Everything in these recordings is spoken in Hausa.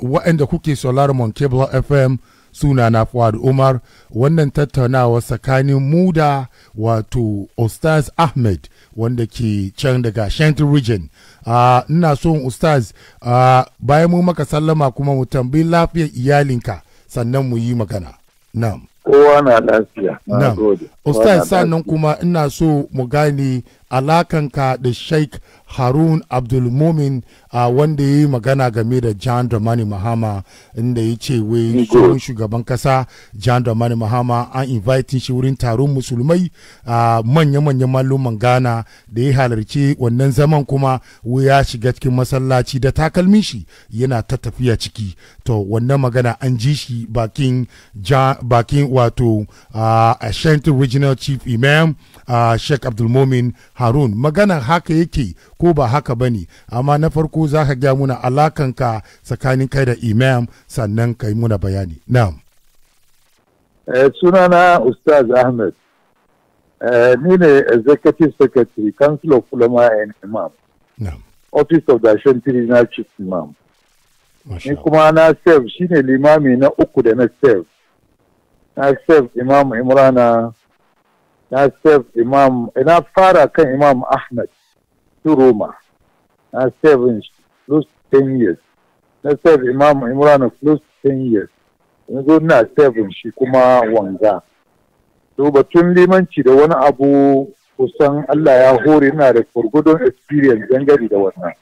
waɗanda kuke sauraron mon cable fm suna na fuad umar wannan tattaunawa tsakanin mu da wato ustaz ahmed wanda ke can daga shanty region ah, ina uh, son ustaz uh, bayan mu maka sallama kuma mu tambayi lafiyar iyalinka sannan mu yi magana na'am kowa na lafiya na gode Ustaz sannan kuma ina so mu gane alakanka da Sheikh Harun Abdulmumin a uh, wanda ya yi magana game da John Dramani Mahama inda ya ce wai shugaban shugaban kasa John Dramani Mahama an invite shi wurin taron musulmai a uh, manya-manyan malluman Ghana da ya halarci wannan zaman kuma ya shiga cikin masallaci da takalmin shi yana ta tafiya ciki to wannan magana an ji shi bakin bakin wato uh, regional chief imam uh, sheikh abdulmomin harun magana haka yake ko ba haka bane amma na farko za ka gya muna alakanka tsakanin kai da imam sannan ka yi muna bayani na'am eh, sunana ustaz ahmed eh, ni ne executive secretary council of ulama and imam office of the ashanti chief imam ni kuma na serve shine limami na uku da na sef na serve imam imrana na save imam ina fara kan imam ahmad to roma na save plus 10 years na save imam imran plus 10 years yanzu na save shi kuma wanga to batun limanci da wani abu kusan Allah ya hore ina da gurgudun experience dangane da wannan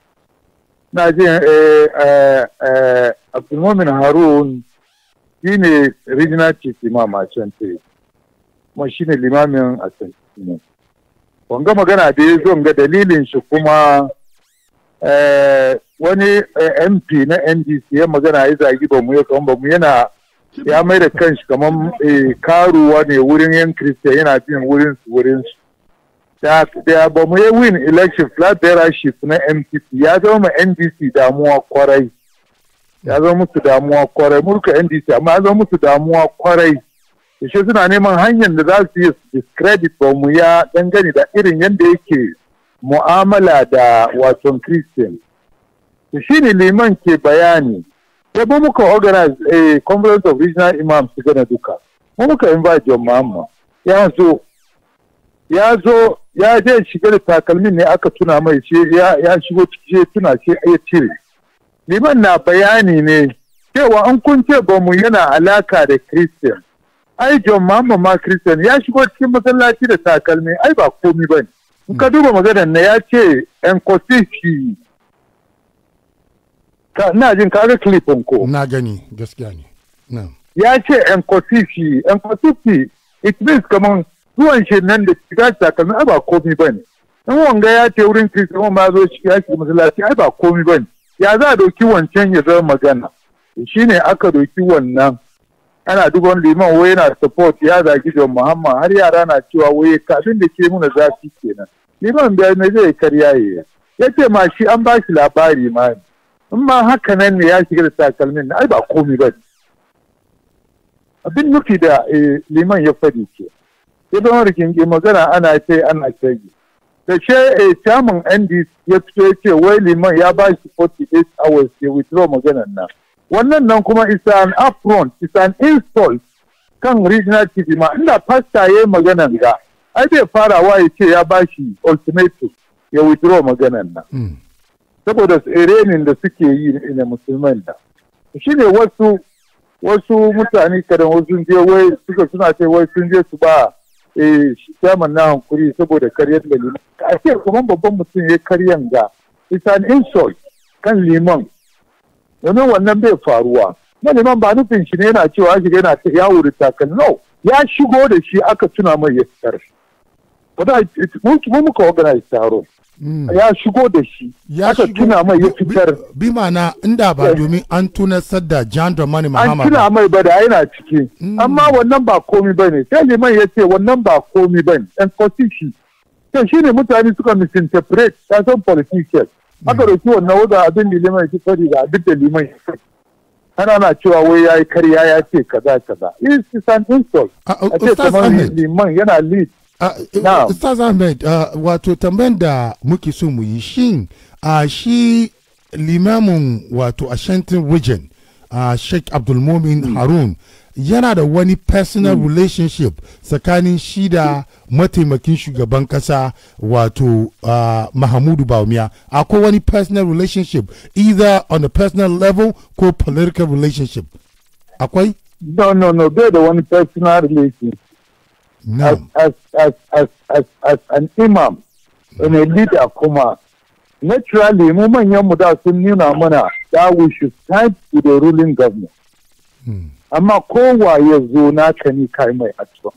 na jin eh, eh, eh, abdulmumin harun shi ne regional chief imam a can kuma shine limamin a ne wanga magana da ya zo ga dalilin shi kuma eh, wani eh, mp na ndc ya magana ya zagi ba mu ya kan ba mu yana ya mai da kanshi kamar eh, karuwa ne wurin yan kristiya yana jin wurin su wurin su da ba mu yi win election flat leadership na mpp ya zama ma ndc damuwa kwarai ya zama musu damuwa kwarai mulka ndc amma ya zama musu damuwa kwarai shi suna neman hanyar da za su yi discredit ba mu ya dangane da irin yadda yake mu'amala da waton christian shi ne liman ke bayani ya ba muka organize a eh, conference of regional imams su gana duka mu muka invite john mahamma ya zo ya zo ya je shiga da takalmin ne aka tuna mai ya shigo ciki ya tuna ce ya cire liman na bayani ne cewa an kun ce ba mu yana alaka da christian ai John Muhammad ma Christian ya shigo cikin masallaci da takalmi ai ba komi ba ne. Ka hmm. duba maganar na ya ce ‘yan kosishi na jin kaga clipin ko. Na gani gaskiya ne. Ya ce ‘yan kosishi ‘yan kosishi it means kamar zuwan shi nan da shiga takalmi ai ba komi ba ne. In wanga ya ce wurin Christian ma zo shi ya shiga masallaci ai ba komi ba ne. Ya za a ɗauki wancan ya zama magana. Shi ne aka ɗauki wannan. ana duban liman wai yana support ya zagi John Muhammad har yara na cewa wai kafin da ke muna zafi kenan liman bai ne zai karya ya ya ce ma shi an ba shi labari ma ne in ma haka nan ne ya shiga da takalmin ai ba komi ba abin nufi da eh, liman ya fadi ke ya zama rikinki magana ana ce ana ce da she eh, chairman ndc ya fito ya ce wai liman ya ba shi 48 hours ya withdraw maganan nan wannan nan kuma is an upfront is an insult kan regional tv ma inda pasta yayi magana ga ai bai wa ya ce ya bashi ultimatum ya withdraw maganan nan hmm. saboda renin da suke yi na musulman da shi ne wasu wasu mutane kada wasu je wai suka suna ce wai sun je su ba eh chairman na hankuri saboda karyar da liman a ce kuma babban mutum ya karyan ga Isan an insult kan liman domin wannan bai faruwa maliman ba nufin shi ne yana cewa shiga yana ta yawo da takan no ya shigo da shi aka tuna mai ya fitar mun muka organize taro hmm. ya shigo da shi aka tuna mai ya fitar bi mana inda ba domin an tunasar da John Dramani Mahama an tuna mai ba da yana ciki hmm. amma wannan ba komi ba ne sai liman ya ce wannan ba komi ba ne ɗan kwasi shi to shi ne mutane suka misinterpret ta san politicians aka roki wannan wuda abin da liman shi tsari ga duk da liman ya kai ana na cewa wai yayi karya ya ce kaza kaza is is an insult ah, a ce kamar liman yana lead ah, Ustaz Ahmed, ah, wato tambayan da muke so mu yi shin a shi limamin wato a shantin wajen a Sheikh Abdulmumin Harun yana da wani personal mm. relationship tsakanin shi da mataimakin shugaban kasa wato uh, mahamudu baumiya akwai wani personal relationship either on a personal level ko political relationship akwai no no no bai da wani personal relationship no. as, as, as, as, as, an imam and a leader kuma naturally mu manyan mu da sun nuna mana that we should stand to the ruling government mm. amma kowa ya zo naka ne kai mai addu'a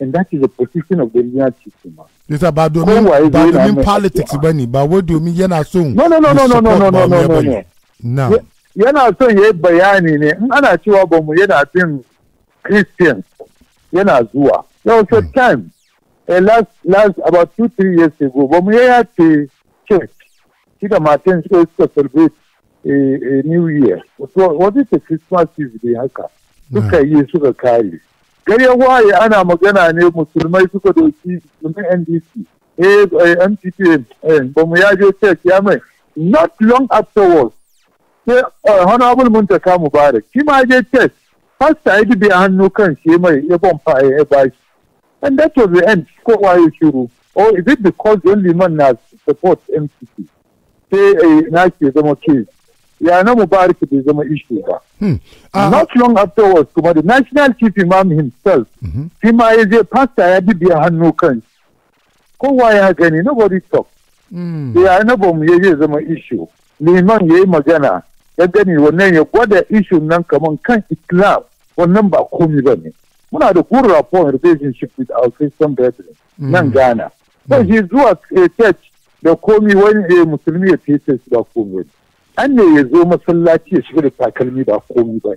and that is a position of the regional chief ma Yasa ba domin ba domin politics ba ne ba wai domin yana son no no no no no no no no no no yana son ya yi bayani ne in ana cewa ba mu yana bin christians yana zuwa there was a hmm. time a eh, last last about two three years ago ba mu ya ce church shiga da matan suka celebrate a new year wata ta christmas eve ne haka suka yi suka kare gari waye ana magana ne musulmai suka doki musulmai ndc eh mtp eh, eh, ba mu yaje church ya mai not long afterwards sai eh, honorable muntaka mubarak shi ma je church pastor ya dube hannu kan shi mai ya bomfa ya bashi and that was the end ko waye shiru or oh, is it because only man na support mtp sai na ke zama case ya na bariki bai zama ishu ba hmm. ah. not long afterwards kuma the national chief imam himself mm-hmm. shi ma ya je pastor ya bibiya hannu kan kowa ya gani nobody talk hmm. ya na bamu ya zai zama ishu liman ya yi magana ya gani wannan ya gwada ishu nan kaman kan islam wannan ba komi ba ne muna da good rapport relationship with our christian brethren nan hmm. ghana sai shi zuwa eh, church da komi wani eh, musulmi ya fiye da komi wani. an ne ya zo masallaci ya shiga da takalmi ba komi ba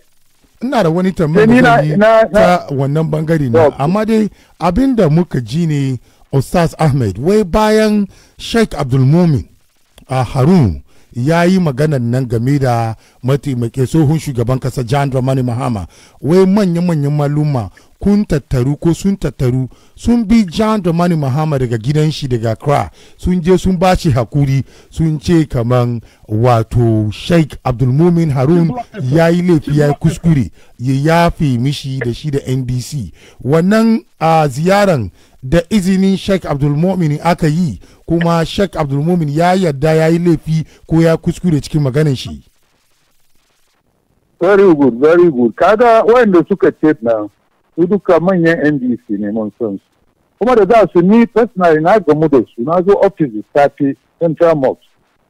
ina da wani tambaya ta wannan bangare na amma dai abin da muka ji ne ustaz ahmed wai bayan sheikh abdulmumin a ah, harun ya yi maganan nan game da mataimake tsohon shugaban kasa john dramani mahama wai manya-manyan maluma kun tattaru ko sun tattaru sun bi john dramani mahama daga gidan shi daga kra sun je sun ba shi hakuri sun ce kaman wato sheikh abdulmumin harun ya yi laifi ya kuskure ya yafe mishi da shi da ndc wannan a ziyaran da izinin sheikh abdulmumin aka yi kuma sheikh abdulmumini ya yarda ya yi laifi ko ya kuskure cikin maganin shi very good very good kaga wayanda suka ce na su duka manyan ndc ne mun kuma da za su ni personally na gamu da su na zo office da safe central mox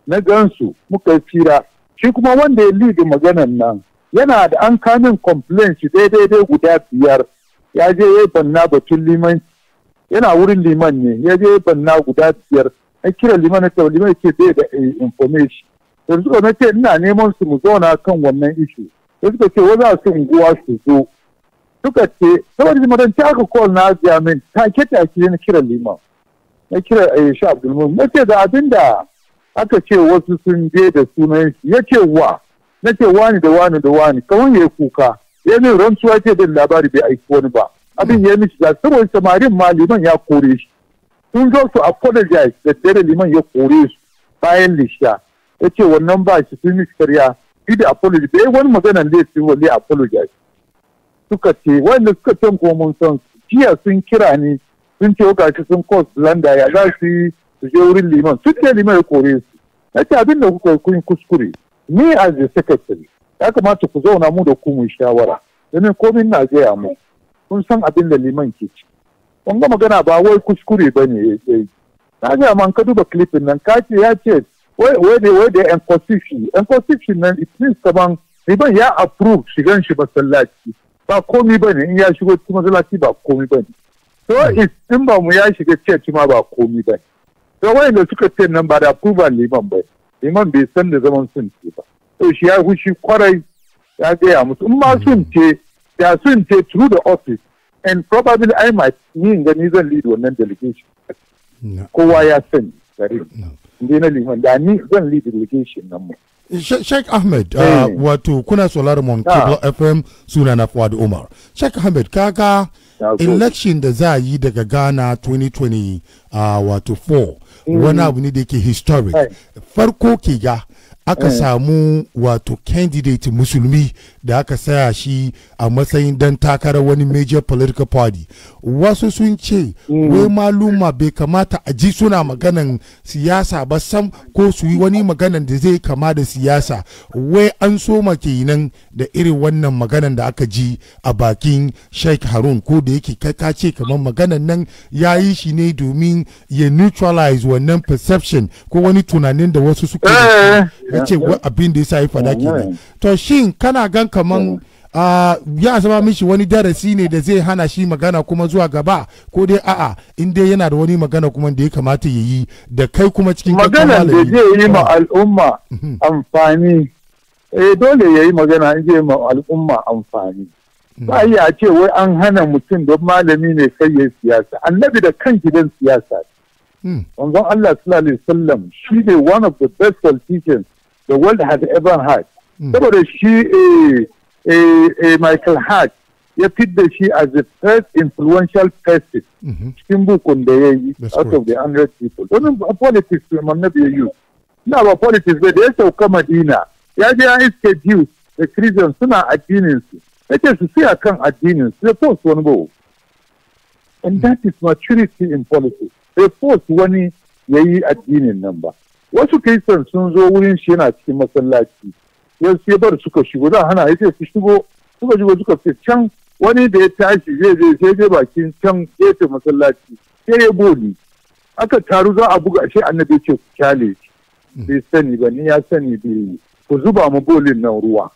na gansu muka yi fira shi kuma wanda ya lead maganan nan yana da an kanin complaint shi daidai guda biyar ya je ya yi banna batun limanci yana wurin liman ne ya je banna guda biyar na kira liman na cewa liman ke bai da eh, information sai suka na ce ina neman su mu zauna kan wannan ishu sai suka ce waza su unguwa su zo suka ce saboda liman ta aka kowal na ke ta na kira liman na kira eh, sha abdulmun na ce da abinda aka ce wasu sun je da sunan shi ya ce wa na ce wani da wani da wani kawai ya kuka ya ne rantsuwa ce da labari bai aiki wani ba abin ya mishi ja saboda samarin ma liman ya kore shi sun zo su apologize da dare liman ya kore su bayan lishiya ya ce wannan ba shi sun mishi karya shi da apology bai wani magana da ya wale apologize suka ce wanda suka ce kuma mun san jiya sun kira ni sun ce ga shi sun kos landa ya za su yi su je wurin liman sun ce liman ya kore su ya ce abin da kuka kun kuskure ni a the secretary ya kamata ku zauna mu da ku mu shawara domin komin na gaya mu kun san abin da liman ke ci Wanga magana ba wai kuskure ba ne eh, eh. na ga man ka duba kilifin nan ka ce ya ce wai da wai da yan constitution nan itin saman liman ya approve shigan shi masallaci ba komi ba ne in ya shigo cikin masallaci ba komi ba ne so hmm. is in ba mu ya shiga church ma ba komi ba ne so wayanda suka ce nan ba da approval liman ba liman bai san da zaman sun ce ba to shi ya hushi kwarai ya gaya musu in ma sun hmm. ce da sun ce through the office and probably I might yin the zan lead that delegation kowa ya sani gare ni na liman da ni zan lead delegation nan mu Sheikh Ahmed uh, eh. wato kuna solar mon Cable ah. FM suna na Fuad Umar Sheikh Ahmed kaga election da za a yi daga Ghana 2020 uh, wato 4 mm. wani abu ne da yake historic farko ke ga aka eh. samu wato candidate musulmi da aka saya shi a matsayin dan takarar wani major political party wasu sun ce mm. wai maluma bai kamata a ji suna maganan siyasa ba sam ko su yi wani maganan da zai kama da siyasa wai an soma kenan da irin wannan maganan da aka ji a bakin sheikh harun ko da yake kai ka ce kamar maganan nan ya yi shi ne domin ya neutralize wannan perception ko wani tunanin da wasu suke ya ce abin da ya sa ya fada nan to shin kana gan kaman ya zama mishi wani darasi ne da zai hana shi magana kuma zuwa gaba ko dai a'a in dai yana da wani magana kuma da ya kamata ya yi da kai kuma cikin magana da zai yi ma ah. al'umma mhm. amfani eh dole ya yi magana in zai ma al'umma amfani mhm. ba a ce wai an hana mutum don malami ne sai ya siyasa annabi da kan gidan siyasa hmm. manzon Allah sallallahu alaihi wasallam shi ne one of the best politicians the world has ever had. Hmm. Saboda shi eh, eh, eh, Michael Hart ya fidda shi as the first influential person cikin bukun da ya yi out of the hundred people. Domin politics mannabi ya yi. Now ba politics bai they ya come Madina The idea is to Jews the Christians suna addinin su. Yake su siya kan addinin su The force one go. And that is maturity in politics. The force one ya yi addinin number. wasu kristan sun zo wurin shi yana cikin masallaci yau sai bar suka shigo da hana ya ce su shigo suka shigo suka ce can wani da ya tashi zai zai sai zai bakin can gefe masallaci sai ya boli aka taru za a buga shi annabi ce ku kyale hmm. bai sani ba ni ya sani bai ku zuba mu bolin nan ruwa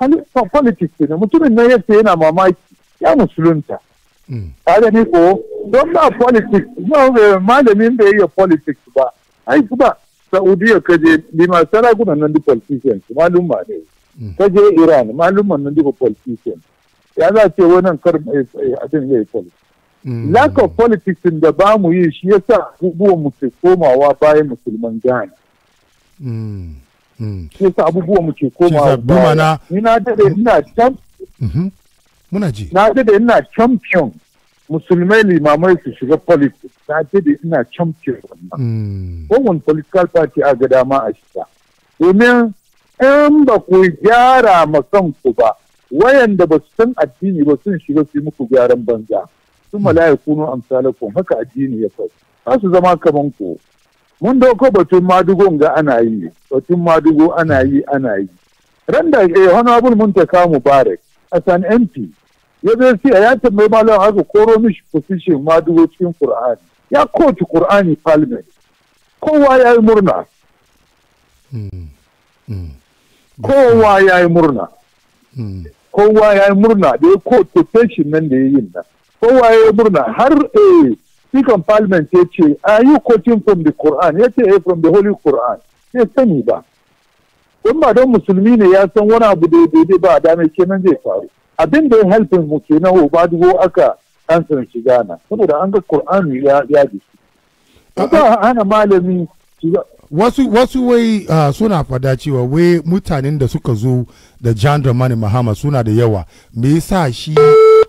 halittar politics ne mutumin nan yadda yana mamaki ya musulunta hmm. tare ne ko don ba politics eh, malamin bai iya politics ba ai kuma saudiya ka je lima ma nan duk politicians malumma ne hmm. ka je iran malumman nan duka politicians ya za ce wannan kar abin ya yi politics hmm. lack of politics da ba mu yi shi ya sa abubuwan mu ke komawa bayan musulman gani hmm. shi ya sa abubuwan mu ke komawa bayan ni na ina mhm. na dade ina champion musulmai limamai su shiga politics na ce da ina champion wannan mm. kowane political party a ga dama a shiga domin in ba ku gyara ma ku ba wayanda ba su san addini ba sun shiga su yi muku gyaran banza Su mm. malaya kuno amsalakum haka addini ya kai za su zama kamar ku mun dauko batun madugo ga ana yi batun madugo ana yi ana yi Randa da eh, honorable mun ta kamu mubarak A san mp ya zo sai ya tambayi malam haka koro mishi position ma dubo cikin Qur'ani ya koci Qur'ani parliament kowa ya yi murna kowa ya yi murna kowa ya yi murna da ya koci position nan da ya yi nan kowa ya yi murna har eh speaker parliament ya ce are you quoting from the Quran ya ce eh, from the holy Quran ya sani ba in ba don musulmi ne ya san wani abu daidai ba a dame kenan zai faru abin da ya halfin mu kenan Obadugo oh, aka san shi gana saboda an ga Qur'ani ya ya dishi ba ana malami wasu wasu wai suna fada cewa wai mutanen da suka zo da John Dramani Mahama suna da yawa me yasa shi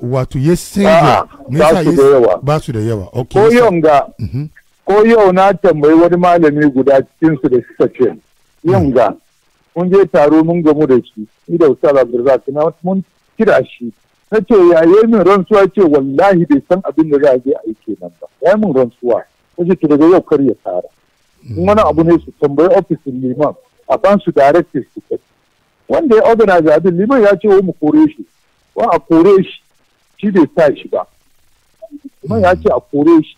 wato ya sanya me yasa ba su da yawa okay ko yau ga mhm. ko yau na tambayi wani malami guda cikin su da suka ce yau mhm. ga mun je taro mun gamu da shi ni da za Abdulrazak na mun kira shi na ce yaye min rantsuwa ce wallahi bai san abin da za a je a yi kenan ba ya min rantsuwa na ce ta daga yau kar ya tara in wani abu ne su tambayi ofisin liman a ban su directors su kai wanda ya organize abin liman ya ce wa mu kore shi wa a kore shi shi bai sa shi ba liman ya ce a kore shi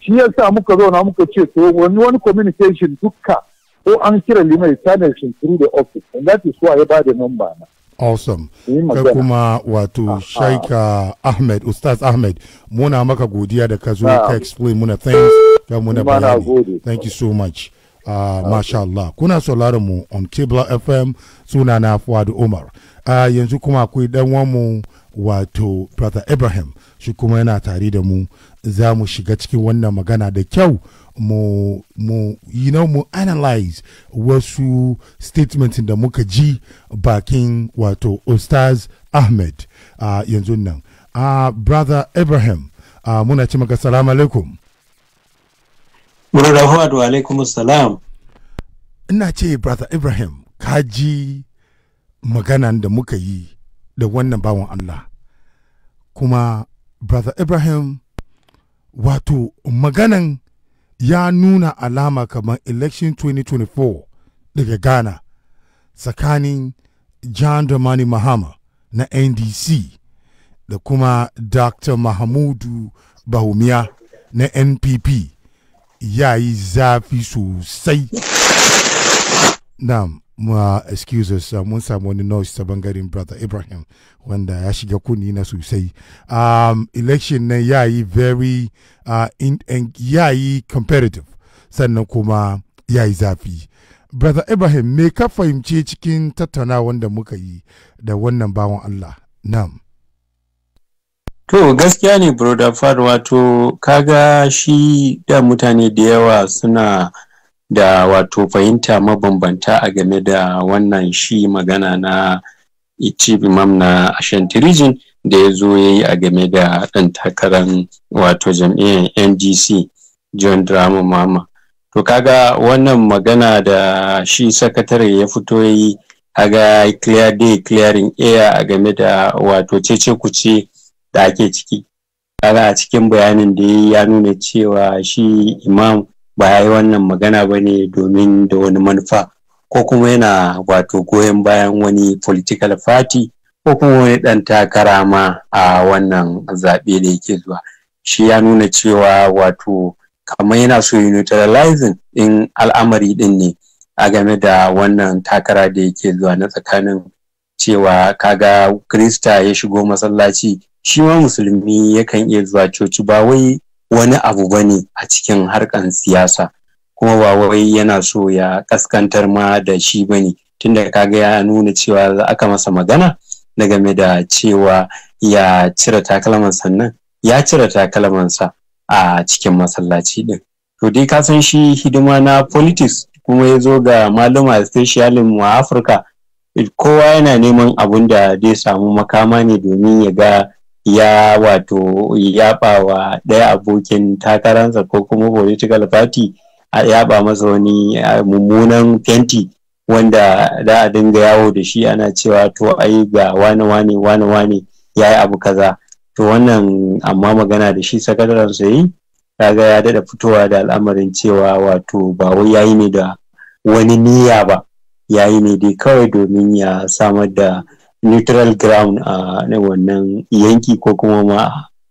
shi ya sa muka zauna muka ce to wani wani communication dukka ko an kira liman ya tana shi through the office and that is why ya ba da number na awesome kai kuma wato ah, ah. shaika ahmed ustaz ahmed muna maka godiya da ka zo ka explain muna thanks ka muna bayani thank you so much Uh, Masha Allah. Kuna sauraron mu on Kibla FM suna na Fuad Umar. Uh, yanzu kuma akwai dan mu wato Brother abraham shi kuma yana tare da mu za mu shiga cikin wannan magana da kyau mu mu you know mu analyze wasu statements da muka ji bakin wato Ustaz Ahmed uh, yanzu nan. Uh, Brother abraham muna ce maka salamu alaikum. Wurin Rahmatu alaikum salam. Ina ce brother Ibrahim ka ji maganan da muka yi da wannan bawan Allah. Kuma brother Ibrahim wato maganan ya nuna alama kamar election 2024 daga Ghana tsakanin John Dramani Mahama na NDC da kuma Dr. Mahamudu Bahumiya na NPP. ya yi zafi sosai naam ma excuses uh, mun samu wani noise ta bangaren brother ibrahim wanda ya shiga kuni na sosai um, election nan ya yi very uh, in, ya yi competitive sannan kuma ya yi zafi brother ibrahim me ka fahimce cikin tattaunawa wanda muka yi da wannan bawan allah nam To gaskiya ne Broda far wato kaga shi da mutane da yawa suna da wato fahimta mabambanta a game da wannan shi magana na Chief Imam na Ashanti Region da ya zo ya yi a game da ɗan takarar wato jam'iyyar NDC John Drama Mama. To kaga wannan magana da shi sakatare ya fito ya yi a ga clear day clearing air a game da wato cece kuce da ake ciki kaga a cikin bayanin da ya nuna cewa shi imam ba ya yi wannan magana ba ne domin da wani manufa ko kuma yana wato goyon bayan wani political party ko kuma wani ɗan takara ma a wannan zaɓe da yake zuwa shi ya nuna cewa wato kamar yana so yi neutralizing ɗin al'amari ɗin ne a game da wannan takara da yake zuwa na tsakanin cewa kaga krista ya shigo masallaci shi ma musulmi yakan iya zuwa coci ba wai wani abu ba ne a cikin harkan siyasa kuma ba wai yana so ya kaskantar ma da shi ba ne tunda kaga ya nuna cewa za aka masa magana na game da cewa ya cire takalman sannan ya cire takalmansa a cikin masallaci din to dai ka san shi hidima na politics kuma ya zo ga malama specialin mu a afirka kowa yana neman abun da zai samu makama ne domin ya ga ya wato yaɓawa bawa ɗaya abokin takaransa ko kuma political party a yaba masa wani mummunan fenti wanda da a dinga yawo da shi ana cewa to ai ga wane wane wani wane ya yi abu kaza to wannan amma magana da shi sakataren sa yi kaga ya dada fitowa da al'amarin cewa wato ba wai yayi ne da wani niyya ba yayi ne dai kawai domin ya samar da neutral ground a wannan yanki ko kuma ma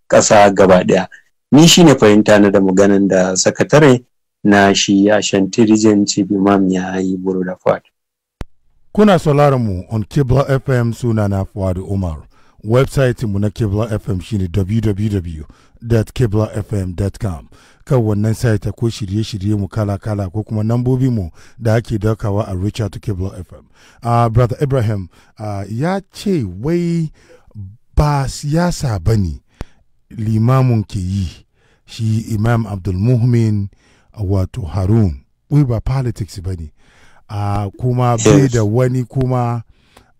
ƙasa gaba ɗaya ni shi ne fahimta na da maganan da sakatare na shi a shantirijin imam ya yi buru da fuad kuna sauraron mu on kibla fm suna na fuad umar website mu na kibla fm shine www.kiblafm.com kan wannan site ko shirye-shirye mu kala-kala ko kuma nambobi mu da ake daukawa a Richard Cable FM. Uh, ah, Brother Ibrahim uh, ah, ya ce wai ba siyasa ba ne limamin ke yi shi Imam Abdul Muhmin wato Harun. Wai ba politics ba ne. Uh, kuma bai da wani kuma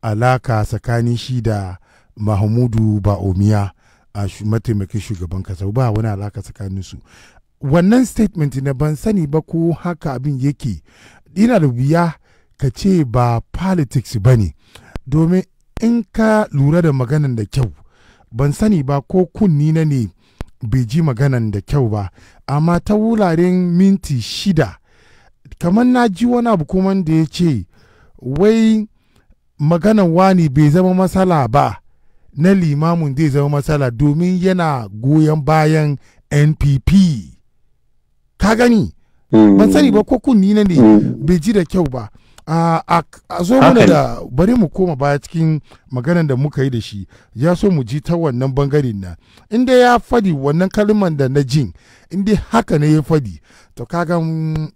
alaka tsakanin shi da Mahmudu Ba'omiya. a mataimakin shugaban kasa ba wani alaka tsakanin su wannan statement na ban sani ba ko haka abin yake ina da wuya ka ce ba politics ba ne domin in ka lura da maganan da kyau ban sani ba ko kunni na ne bai ji maganan da kyau ba amma ta wuraren minti shida kamar na ji wani abu kuma da ya ce wai maganan wani bai zama matsala ba na limamin zai zama matsala domin yana goyon bayan npp ka gani mm. ban sani ba ko kunni na ne mm. bai ji da kyau ba a zo mana da bari mu koma baya cikin maganar da muka yi da shi ya so mu ji ta wannan bangaren nan inda ya fadi wannan kalmar da na jin inda haka ne ya fadi to kaga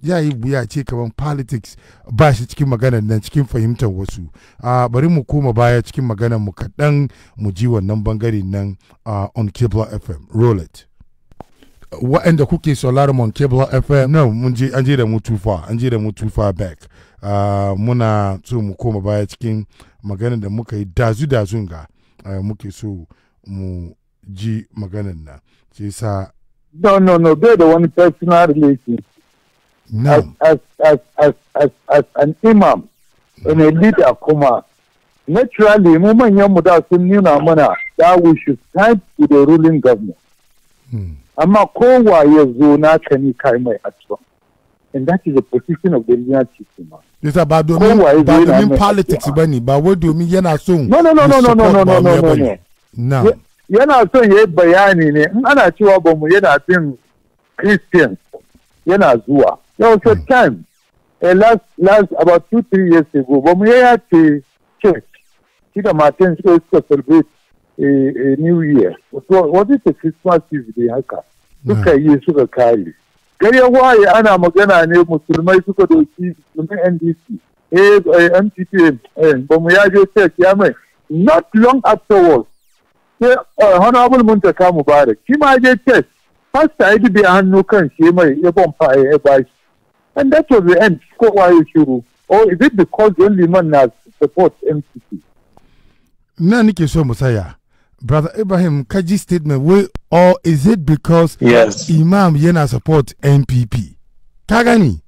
ya yi buya ce kamar politics ba shi cikin maganar nan cikin fahimtar wasu a bari mu koma baya cikin maganar mu kaɗan mu ji wannan bangaren nan on cable fm roll it waɗanda kuke solar mon cable fm no mun je an je da mu too far an je da mu too far back ah, muna so mu koma baya cikin maganar da muka yi dazu dazun ga ah, muke so mu ji maganar na ce sa no no no bai da wani personal relation no. as, as, as, as, as, an imam and a mm. leader kuma naturally mu manyan mu da sun nuna mana that we should stand to the ruling government hmm. amma kowa ya zo naka ne kai mai addu'a and that is the position of the linear system yasa ba domin ba domin politics ba ne ba wai domin yana son no no no no no no no no no no yana son yayi bayani ne in ana cewa ba mu yana bin christians yana zuwa there so hmm. time a eh, last last about two three years ago ba mu ya ce church shi da matan suka celebrate a new year wata ta christmas eve ne haka suka yi suka kare gari waye ana magana ne musulmai suka dauki musulmai ndc eh mtp eh, eh, ba mu yaje je ya mai not long afterwards sai eh, honorable muntaka mubarak shi ma je church fasta ya dube hannu kan shi mai ya bomfa ya bashi and that was the end ko waye shiru or oh, is it because only man na support mtp na nake so mu saya Brother Ibrahim, Kaji statement, we or is it because yes. Imam yana support NPP? Ka gani?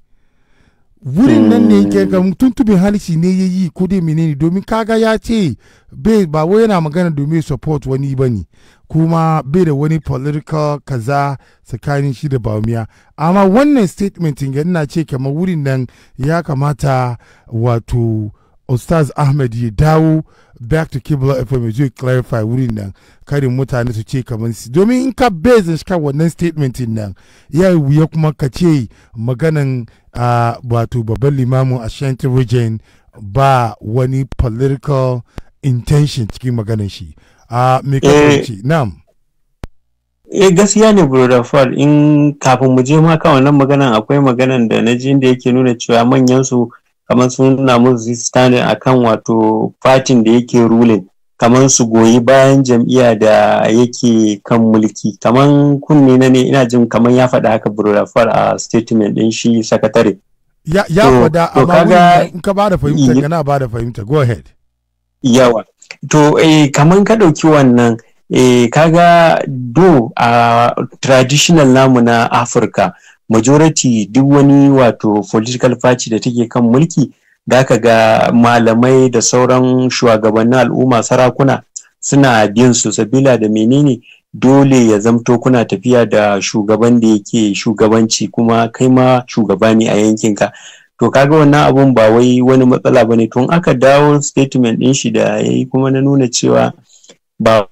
Wurin nan ne yake hmm. ga halishi ne yi ko dai menene domin kaga ya ce bai ba wai yana magana domin support wani ba ne kuma bai da wani political kaza tsakanin shi da baumiya amma wannan statement ga ina ce kamar wurin nan ya kamata wato Ustaz Ahmed ya dawo back to kibla fm ya je clarify wurin nan karin mutane su ce kamar su domin in ka bezin shi kan wannan statement nan ya wuya kuma ka ce maganan wato babban limamin ashanti region ba wani political intention cikin maganan shi a me ka eh, ce na'am e gaskiya ne brother fall in kafin mu je ma kan wannan maganan akwai maganan da na ji da yake nuna cewa manyan su kamar sun nuna mun zista ne akan wato fatin da yake ruling kamar su goyi bayan jam'iyya da yake kan mulki kamar kunne na ne ina jin kamar ya faɗa haka burrafar a statement din shi sakatare ya faɗa amma in ka ba da fahimta gana ba da fahimta go ahead yawa to eh kamar ka ɗauki wannan eh kaga do a traditional namu na afirka majority duk wani wato political party da take kan mulki da ka ga malamai da sauran shugabannin al'umma sarakuna suna bin su sabila da menene dole ya zamto kuna tafiya da shugaban da yake shugabanci kuma kai ma shugaba ne a yankinka to kaga wannan abun ba wai wani matsala bane tun aka dawo statement din shi da yayi kuma na nuna cewa ba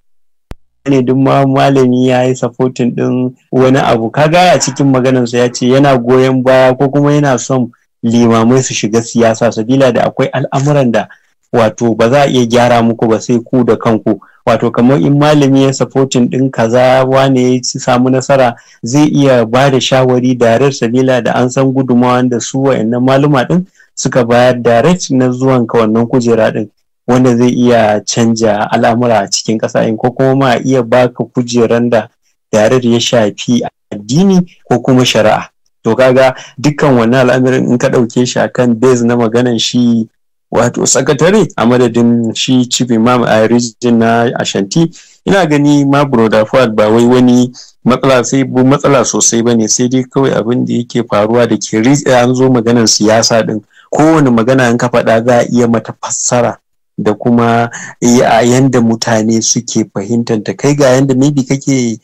ne duk ma malami ya yi supporting din wani abu kaga a cikin maganarsa ya ce yana goyon baya ko kuma yana son limamai su shiga siyasa sabila da akwai al'amuran da wato ba za a iya gyara muku ba sai ku da kanku wato kamar in malami ya supporting din kaza wane ya samu nasara zai iya ba da shawari direct sabila da an san gudumawa da su wa'annan maluma din suka bayar direct na zuwan ka wannan kujera din wanda zai iya canja al'amura a cikin ƙasa ko kuma ma iya baka kujeran da yarar ya shafi addini ko kuma shari'a to kaga dukkan wannan al'amarin in ka ɗauke shi akan base na maganan shi wato sakatare a madadin shi chief imam a region na ashanti ina gani ma broda fuad ba wai wani matsala sai matsala sosai bane sai dai kawai abin da yake faruwa da ke an zo maganan siyasa din kowane magana in ka faɗa za a iya mata fassara da kuma eh, yanda mutane suke fahimtar ta kai ga yanda maybe kake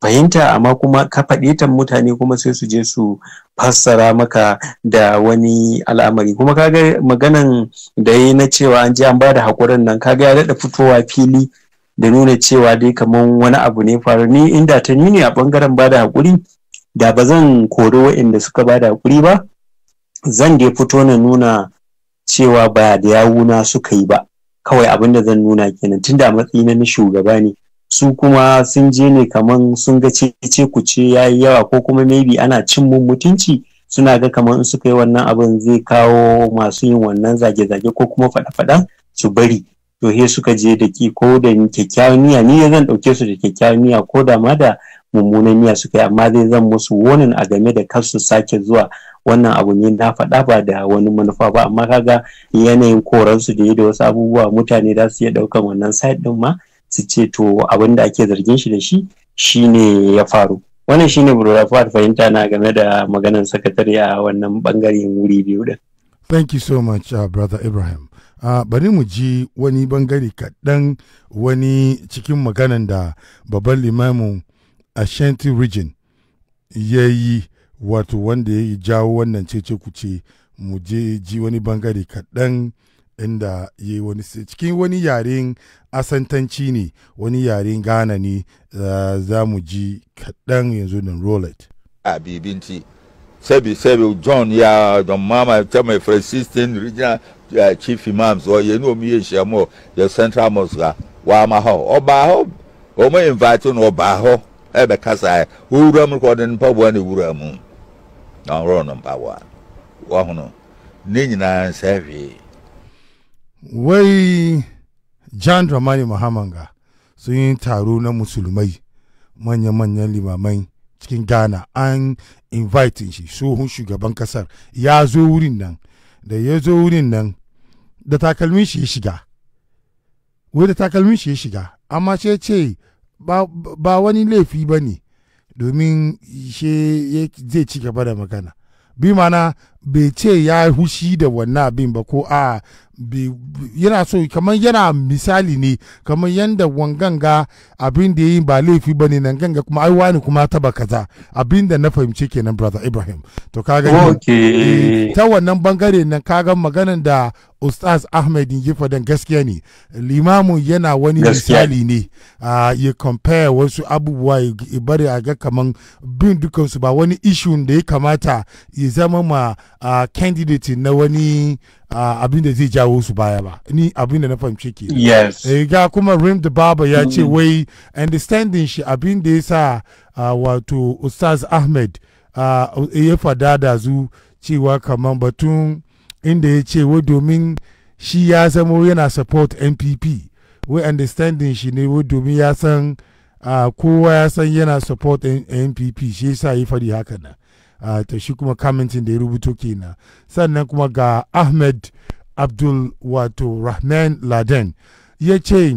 fahimta amma kuma ka faɗe ta mutane kuma sai su je su fassara maka da wani al'amari kuma kaga maganan da yi na cewa an je an ba da haƙurin nan kaga ya daɗa fitowa fili da nuna cewa dai kamar wani abu ne faru ni inda ta nuni a ɓangaren ba da haƙuri da ba zan kori waɗanda suka ba da haƙuri ba zan dai fito na nuna cewa ba da yawuna suka yi ba kawai abin da zan nuna kenan tun da matsayi na shugaba ne su kuma sun je ne kaman sun ga ce ku ce ya yi yawa ko kuma maybe ana cin mun mutunci suna ga kaman in suka yi wannan abin zai kawo masu yin wannan zage-zage ko kuma faɗa-faɗa su bari to he suka je da ki ko da kyakkyawan niyya ni zan ɗauke su da kyakkyawan niyya ko da ma da mummunan niyya suka yi amma zai zan musu wonin a game da kar su sake zuwa wannan abu ne na faɗa ba da wani manufa ba amma kaga yanayin koransu da da wasu abubuwa mutane za su iya ɗaukan wannan site din ma su ce to abin da ake zargin shi da shi shine ya faru wannan shine burafat fahimta na game da maganar sakatare a wannan bangaren wuri biyu din thank you so much uh, brother ibrahim uh, bari mu ji wani bangare kaɗan wani cikin maganan da babban limamin ashanti region ya yi wato wanda ya jawo wannan cece kuce mu je ji wani bangare kaɗan inda ya wani cikin wani yaren asantanci ne wani yaren ghana ne za mu ji kaɗan yanzu nan rolet abibinci sebi sebi john ya don mama ta mai friend regional uh, chief imams or yenu omi ye shemo ya central mosque uh, wa ma ho b'a ho o mo invite no ọba ho ebe kasa ewura mu ko den pa bo ni ewura mu na ɔrɔ no mpaboa wahono ne nyinaa nsa hwee jan john dramani mahamanga sun yi taro na musulmai manya-manyan limamai cikin ghana an invite shi tsohon shugaban kasar ya zo wurin nan da ya zo wurin nan da takalmin shi ya shiga wai da takalmin shi ya shiga amma ce ce ba wani laifi ba ne domin she zai ci gaba da magana bi mana bai ce ya hushi da wannan abin ba ko a yana so kamar yana misali ne kamar yadda wanganga abin da yi ba laifi ba ne nan ganga kuma aiwa ne kuma taba kaza abin da na fahimci kenan brother ibrahim to kaga eh, ta wannan bangare nan kaga maganan da ustaz ahmed yi fadan gaskiya ne limamu yana wani misali ne ya compare wasu abubuwa ya bari a ga kaman bin dukansu ba wani issue da ya kamata ya zama ma candidate na wani abin da zai jawo su baya ba ni abin da na fahimci ke yes eh, ga kuma rim da baba ya ce mm. wai understanding shi abin da ya sa wato ustaz ahmed ya fada da zu cewa kaman batun inda ya ce wai domin shi ya zamo yana support npp wai understanding shi ne wai domin ya san uh, kowa ya san yana support npp shi yasa yi fari haka na ta shi kuma commenting da ya rubuto kenan sannan kuma ga ahmed abdul wato rahman laden ya ce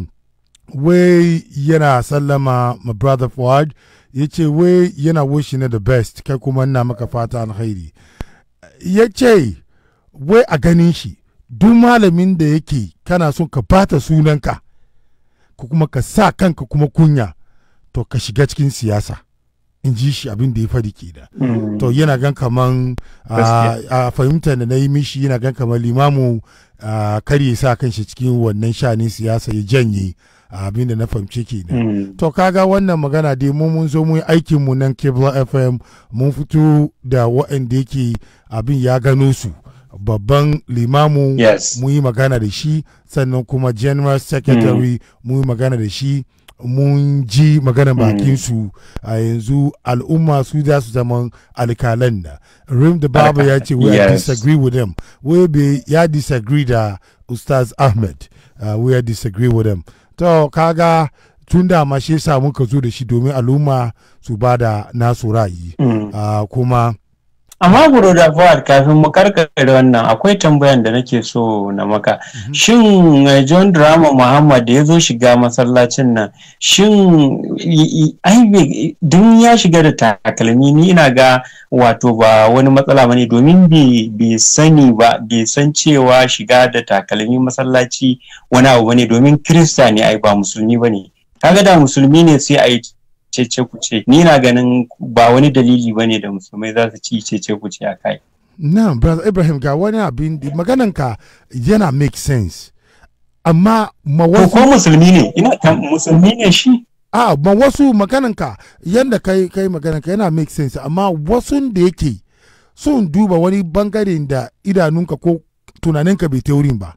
wai yana sallama my brother Fuad ya ce wai yana wishi na the best kai kuma ina maka fata alkhairi ya ce wai a ganin shi duk malamin da yake kana son ka bata sunanka ka kuma ka sa kanka kuma kunya to ka shiga cikin siyasa in ji shi abin da ya fadi ke da. Mm. to yana gan kaman a fahimtar da na yi mishi yana gan kaman limamu kar ya sa kanshi cikin wannan shanin siyasa ya janye abin da na fahimci ke da. Mm. to kaga wannan magana dai mu mun zo mun aikin mu nan cable fm mun fito da waɗanda yake abin ya gano su babban limamu yes. mu yi magana da shi sannan kuma general secretary mm. mun yi magana da shi mun ji magana mm. bakinsu a yanzu al'umma su za su zama alkalan da rim da babu ya ce we yes. disagree with them we ya disagree da ustaz ahmed uh, we disagree with them to kaga tun da mashi samun ka muka zo da shi domin al'umma su ba da nasu ra'ayi mm. uh, kuma amma buro da fawar kafin mu karkare wannan akwai tambayan da nake so na maka mhm. shin eh, john drama muhammad da ya zo shiga masallacin nan shin dun ya shiga da takalmi ni ina ga wato ba wani matsala bane domin bai sani ba bai san cewa shiga da takalmi masallaci wani abu bane domin kirista ne ai ba musulmi bane kaga da musulmi ne sai a yi cece kuce ni na ganin ba wani dalili bane da musulmai za su ci cece kuce a kai na brother ibrahim ga wani abin maganan ka yana make sense amma ma wasu ko musulmi ne ina kan musulmi ne shi a ma wasu maganan ka yanda kai kai maganan ka yana make sense amma wasu da yake sun duba wani bangaren da idanunka ko tunaninka bai taurin ba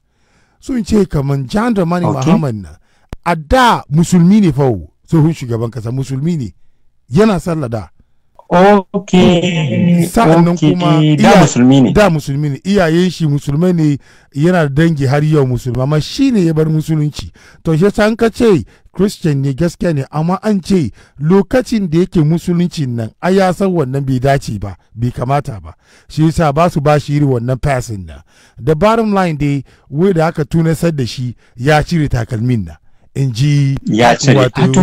sun ce kaman John Dramani okay. Muhammad na a da musulmi ne fawo tsohon shugaban kasa musulmi ne yana sallah da ok sa'annan kuma eh, da musulmi ne iyayen shi musulmi ne yana da dangi har yau musulma amma shi ne ya bar musulunci to shi san ka ce christian ne gaskiya ne amma an ce lokacin da yake musulunci nan a ya san wannan bai dace ba bai kamata ba shi yasa ba su ba shi wannan fasin na da bottom line dai wai da aka tunasar da shi ya cire takalmin na in ji ya cire ah, to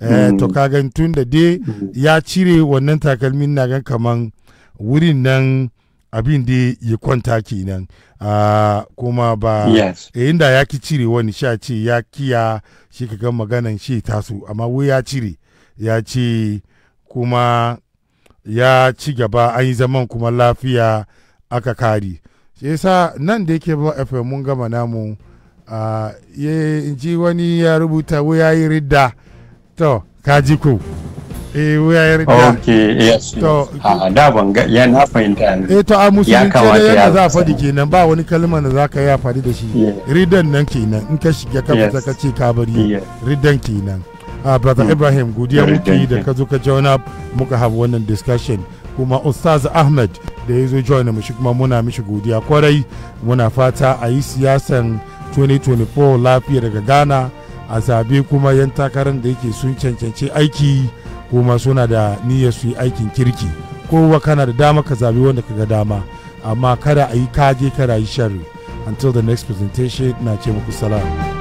eh, mm. kagan tun da dai mm. ya cire wannan takalmin na gan kaman wurin nan abin da ya kwanta kenan nan ah, kuma ba eh, inda ya ki cire wani sha ce ya kiya shi ka ga maganan shi taso amma wai ya cire ya ce kuma ya ci gaba an yi zaman kuma lafiya aka kari shi sa nan da yake ba fm mun gama namu Ah, ya ji wani ya rubuta wuya yi ridda to kaji ku eh wuya ya ridda ok yes to ah, da ban ga ya na fahimta ne eh to a musulunci da yana za a faɗi kenan ba wani kalmar da za ka yi faɗi da shi riddan nan kenan in ka shiga ka fita ka ce ka bari riddan kenan a ah, brother mm. ibrahim godiya muke da ka zo ka join up muka have wannan discussion kuma ustaz ahmed da ya zo join mu shi kuma muna mishi godiya kwarai muna fata a yi siyasan 2024 lafiya daga ghana a zabe kuma yan takarar da yake sun cancanci aiki kuma suna da niyyar su yi aikin kirki kowa kana da dama ka zabi wanda ka ga dama amma kada a yi kaje kada a yi sharri until the next presentation na ce muku salamu